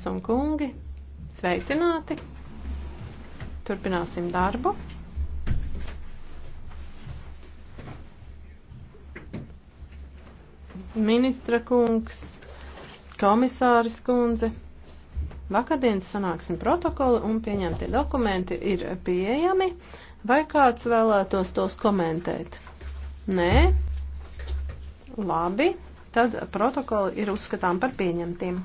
Dāmas un kungi, sveicināti! Turpināsim darbu. Ministra kungs, komisāris kundze, vakardienas sanāksmi protokoli un pieņemtie dokumenti ir pieejami. Vai kāds vēlētos tos komentēt? Nē? Labi, tad protokoli ir uzskatām par pieņemtiem.